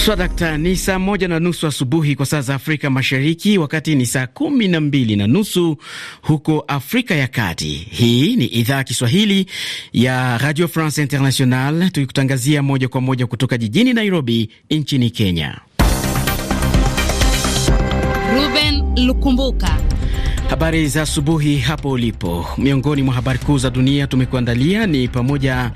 Haswa dakta, ni saa moja na nusu asubuhi kwa saa za Afrika Mashariki, wakati ni saa kumi na mbili na nusu huko Afrika ya Kati. Hii ni idhaa ya Kiswahili ya Radio France International, tukikutangazia moja kwa moja kutoka jijini Nairobi nchini Kenya. Ruben Lukumbuka Habari za asubuhi hapo ulipo. Miongoni mwa habari kuu za dunia tumekuandalia ni pamoja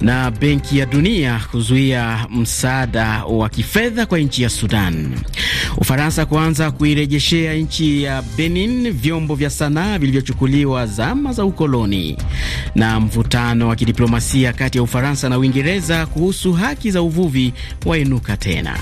na Benki ya Dunia kuzuia msaada wa kifedha kwa nchi ya Sudan, Ufaransa kuanza kuirejeshea nchi ya Benin vyombo vya sanaa vilivyochukuliwa zama za ukoloni, na mvutano wa kidiplomasia kati ya Ufaransa na Uingereza kuhusu haki za uvuvi wainuka tena.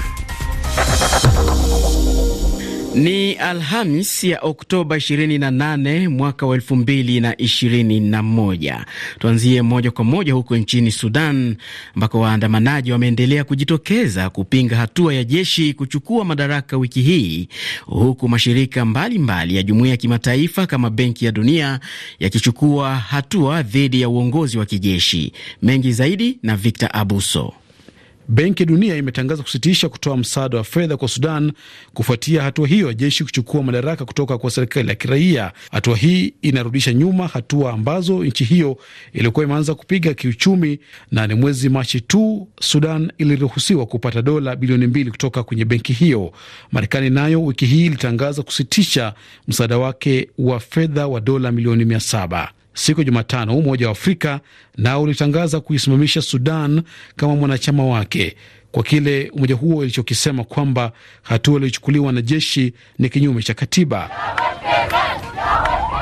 Ni Alhamis ya Oktoba 28 mwaka wa 2021. Tuanzie moja kwa moja huko nchini Sudan, ambako waandamanaji wameendelea kujitokeza kupinga hatua ya jeshi kuchukua madaraka wiki hii, huku mashirika mbalimbali mbali ya jumuiya ya kimataifa kama Benki ya Dunia yakichukua hatua dhidi ya uongozi wa kijeshi. Mengi zaidi na Victor Abuso. Benki ya Dunia imetangaza kusitisha kutoa msaada wa fedha kwa Sudan kufuatia hatua hiyo ya jeshi kuchukua madaraka kutoka kwa serikali ya kiraia. Hatua hii inarudisha nyuma hatua ambazo nchi hiyo ilikuwa imeanza kupiga kiuchumi, na ni mwezi Machi tu Sudan iliruhusiwa kupata dola bilioni mbili kutoka kwenye benki hiyo. Marekani nayo wiki hii ilitangaza kusitisha msaada wake wa fedha wa dola milioni mia saba siku ya Jumatano, Umoja wa Afrika nao ulitangaza kuisimamisha Sudan kama mwanachama wake kwa kile umoja huo ilichokisema kwamba hatua iliyochukuliwa na jeshi ni kinyume cha katiba.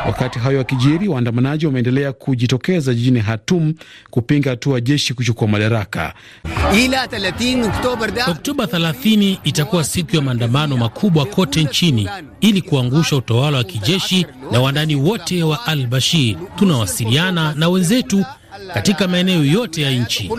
Wakati hayo yakijiri, waandamanaji wameendelea kujitokeza jijini Hatum kupinga hatua jeshi kuchukua madaraka. Oktoba 30 itakuwa siku ya maandamano makubwa kote nchini ili kuangusha utawala wa kijeshi na wandani wote wa Al Bashir. Tunawasiliana na wenzetu katika maeneo yote ya nchi.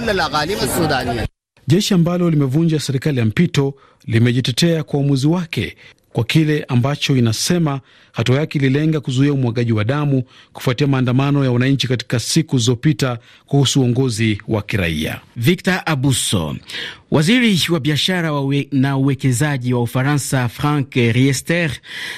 Jeshi ambalo limevunja serikali ya mpito limejitetea kwa uamuzi wake kwa kile ambacho inasema hatua yake ililenga kuzuia umwagaji wa damu kufuatia maandamano ya wananchi katika siku zilizopita kuhusu uongozi wa kiraia. Victor Abuso. Waziri wa biashara na uwekezaji wa Ufaransa Frank Riester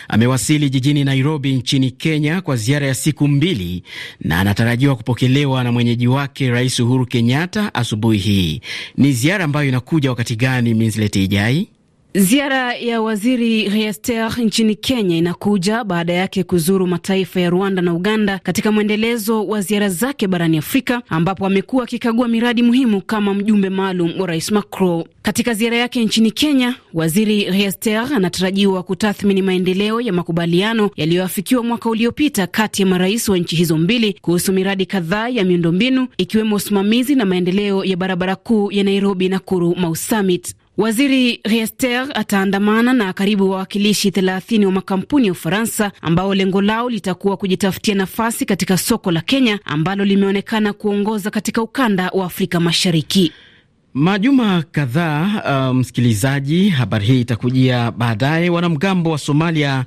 amewasili jijini Nairobi nchini Kenya kwa ziara ya siku mbili na anatarajiwa kupokelewa na mwenyeji wake Rais Uhuru Kenyatta asubuhi hii. Ni ziara ambayo inakuja wakati gani? Minzileti Ijai. Ziara ya waziri Riester nchini Kenya inakuja baada yake kuzuru mataifa ya Rwanda na Uganda katika mwendelezo wa ziara zake barani Afrika, ambapo amekuwa akikagua miradi muhimu kama mjumbe maalum wa rais Macron. Katika ziara yake nchini Kenya, waziri Riester anatarajiwa kutathmini maendeleo ya makubaliano yaliyoafikiwa mwaka uliopita kati ya marais wa nchi hizo mbili kuhusu miradi kadhaa ya miundombinu ikiwemo usimamizi na maendeleo ya barabara kuu ya Nairobi Nakuru Mau Summit. Waziri Riester ataandamana na karibu wawakilishi thelathini wa makampuni ya Ufaransa ambao lengo lao litakuwa kujitafutia nafasi katika soko la Kenya ambalo limeonekana kuongoza katika ukanda wa Afrika Mashariki. Majuma kadhaa uh, msikilizaji, um, habari hii itakujia baadaye. Wanamgambo wa Somalia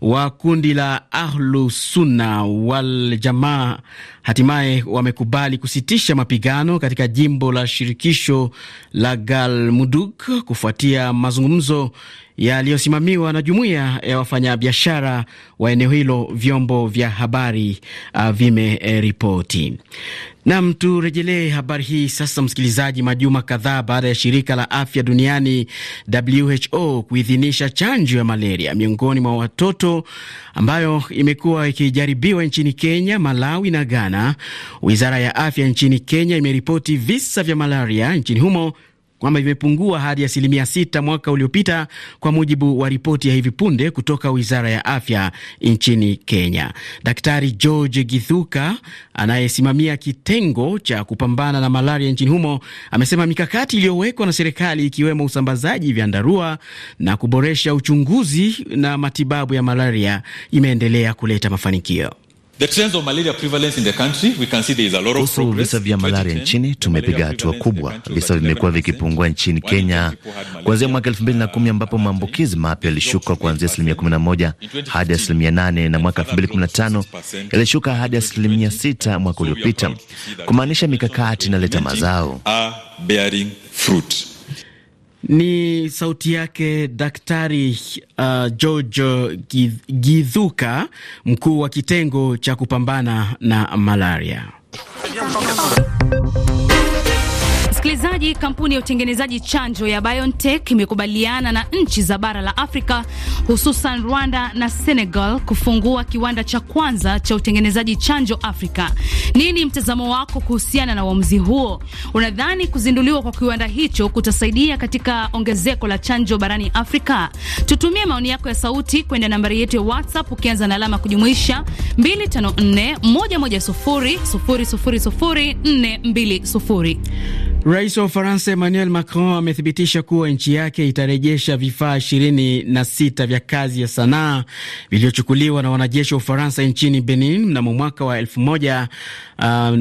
wa kundi la Ahlu Sunna wal Jamaa hatimaye wamekubali kusitisha mapigano katika jimbo la shirikisho la Galmudug kufuatia mazungumzo yaliyosimamiwa na jumuiya ya wafanyabiashara wa eneo hilo, vyombo vya habari uh, vimeripoti. Nam, turejelee habari hii sasa, msikilizaji. Majuma kadhaa baada ya shirika la afya duniani WHO kuidhinisha chanjo ya malaria miongoni mwa watoto ambayo imekuwa ikijaribiwa nchini Kenya, Malawi na Ghana, wizara ya afya nchini Kenya imeripoti visa vya malaria nchini humo kwamba imepungua hadi asilimia sita mwaka uliopita, kwa mujibu wa ripoti ya hivi punde kutoka wizara ya afya nchini Kenya. Daktari George Githuka anayesimamia kitengo cha kupambana na malaria nchini humo amesema mikakati iliyowekwa na serikali ikiwemo usambazaji vyandarua na kuboresha uchunguzi na matibabu ya malaria imeendelea kuleta mafanikio. Kuhusu visa vya malaria nchini, tumepiga hatua kubwa. Visa vimekuwa vikipungua nchini Kenya kuanzia mwaka elfu mbili na kumi ambapo maambukizi mapya yalishuka kuanzia asilimia kumi na moja hadi asilimia nane na mwaka elfu mbili kumi na tano yalishuka hadi asilimia sita mwaka uliopita, kumaanisha mikakati inaleta mazao. Ni sauti yake Daktari uh, George Gidhuka, mkuu wa kitengo cha kupambana na malaria. Msikilizaji, kampuni ya utengenezaji chanjo ya BioNTech imekubaliana na nchi za bara la Afrika hususan Rwanda na Senegal kufungua kiwanda cha kwanza cha utengenezaji chanjo Afrika. Nini mtazamo wako kuhusiana na uamuzi huo? Unadhani kuzinduliwa kwa kiwanda hicho kutasaidia katika ongezeko la chanjo barani Afrika? Tutumie maoni yako ya sauti kwenda nambari yetu ya WhatsApp ukianza na alama kujumuisha 254 110 000 420. Rais wa Ufaransa Emmanuel Macron amethibitisha kuwa nchi yake itarejesha vifaa ishirini na sita vya kazi ya sanaa vilivyochukuliwa na wanajeshi wa Ufaransa nchini Benin mnamo mwaka wa elfu moja uh,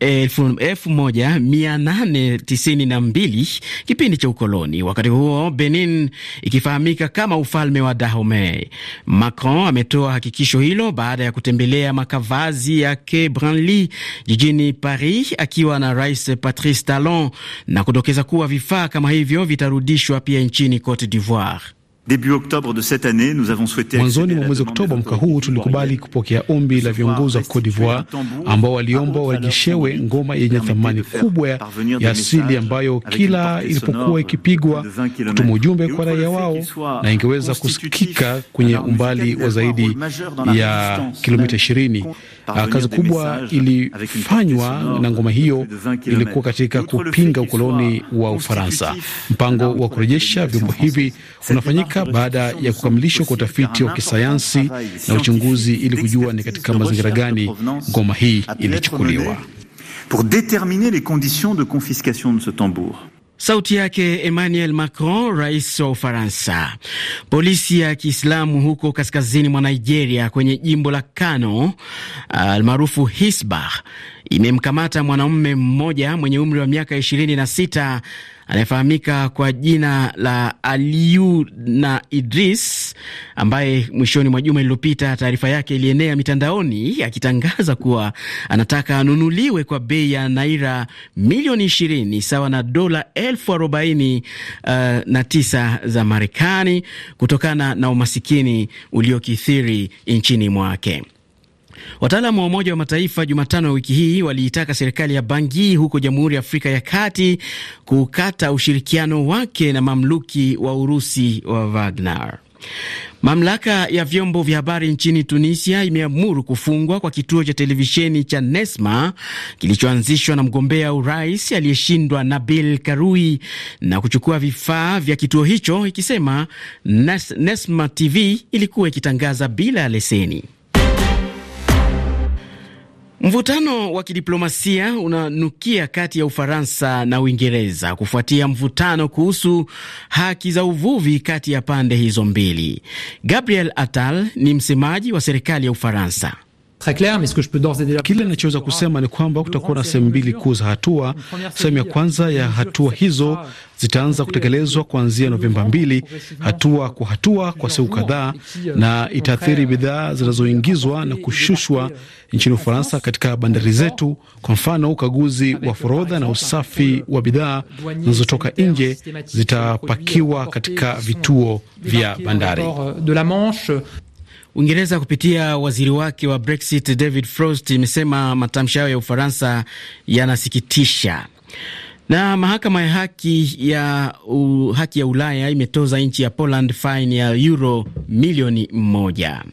elfu moja mia nane tisini na mbili kipindi cha ukoloni, wakati huo Benin ikifahamika kama ufalme wa Dahomey. Macron ametoa hakikisho hilo baada ya kutembelea makavazi yake Branly jijini Paris akiwa na Rais Patrice Talon na kudokeza kuwa vifaa kama hivyo vitarudishwa pia nchini Cote d'Ivoire. Mwanzoni mwa mwezi Oktoba mwaka huu tulikubali kupokea ombi la viongozi wa Cote d'Ivoire ambao waliomba warejeshewe ngoma yenye thamani kubwa ya asili ambayo kila ilipokuwa ikipigwa kutuma ujumbe kwa raia wao na ingeweza kusikika kwenye umbali wa zaidi ya kilomita ishirini. Ah, kazi kubwa ilifanywa na ngoma hiyo ilikuwa katika kupinga ukoloni wa Ufaransa. Mpango wa kurejesha vyombo hivi unafanyika haraka baada ya kukamilishwa kwa utafiti wa kisayansi na uchunguzi ili kujua ni katika mazingira gani ngoma hii ilichukuliwa. Pour les conditions de confiscation de ce tambour. Sauti yake Emmanuel Macron, rais wa Ufaransa. Polisi ya Kiislamu huko kaskazini mwa Nigeria kwenye jimbo la Kano almaarufu uh, Hisbah imemkamata mwanamume mmoja mwenye umri wa miaka 26 anayefahamika kwa jina la Aliu na Idris, ambaye mwishoni mwa juma lililopita taarifa yake ilienea mitandaoni akitangaza kuwa anataka anunuliwe kwa bei ya naira milioni ishirini sawa na dola elfu arobaini uh, na tisa za Marekani kutokana na umasikini uliokithiri nchini mwake. Wataalamu wa Umoja wa Mataifa Jumatano ya wiki hii waliitaka serikali ya Bangi huko Jamhuri ya Afrika ya Kati kukata ushirikiano wake na mamluki wa Urusi wa Wagner. Mamlaka ya vyombo vya habari nchini Tunisia imeamuru kufungwa kwa kituo cha televisheni cha Nesma kilichoanzishwa na mgombea urais aliyeshindwa Nabil Karui na kuchukua vifaa vya kituo hicho, ikisema Nesma TV ilikuwa ikitangaza bila leseni. Mvutano wa kidiplomasia unanukia kati ya Ufaransa na Uingereza kufuatia mvutano kuhusu haki za uvuvi kati ya pande hizo mbili. Gabriel Attal ni msemaji wa serikali ya Ufaransa. Kile ninachoweza kusema ni kwamba kutakuwa na sehemu mbili kuu za hatua. Sehemu ya kwanza ya hatua hizo zitaanza kutekelezwa kuanzia Novemba mbili, hatua kwa hatua kwa siku kadhaa, euh, na itaathiri euh, bidhaa zinazoingizwa na kushushwa euh, nchini Ufaransa katika bandari zetu. Kwa mfano, ukaguzi wa forodha na usafi wa bidhaa zinazotoka nje zitapakiwa katika vituo vya bandari. Uingereza kupitia waziri wake wa Brexit David Frost imesema matamshi hayo ya Ufaransa yanasikitisha. Na mahakama ya haki ya, uh, haki ya Ulaya imetoza nchi ya Poland faini ya euro milioni moja.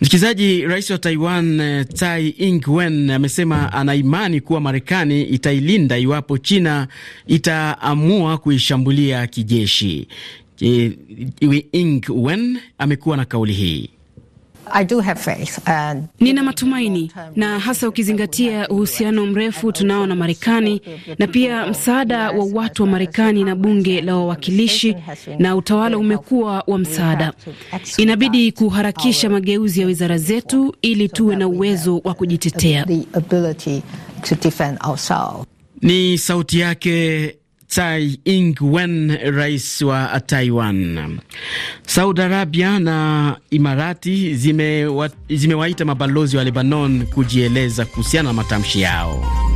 Msikilizaji, rais wa Taiwan eh, Tsai Ing-wen amesema ana imani kuwa Marekani itailinda iwapo China itaamua kuishambulia kijeshi. Ing Wen amekuwa na kauli hii. I do have faith and... nina matumaini na hasa ukizingatia uhusiano mrefu tunao na Marekani na pia msaada wa watu wa Marekani na bunge la wawakilishi na utawala umekuwa wa msaada. Inabidi kuharakisha mageuzi ya wizara zetu ili tuwe na uwezo wa kujitetea. Ni sauti yake Tsai Ing-wen, rais wa Taiwan. Saudi Arabia na Imarati zimewaita zime mabalozi wa Lebanon kujieleza kuhusiana na matamshi yao.